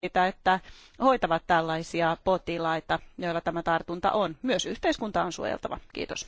siitä, että hoitavat tällaisia potilaita, joilla tämä tartunta on. Myös yhteiskunta on suojeltava. Kiitos.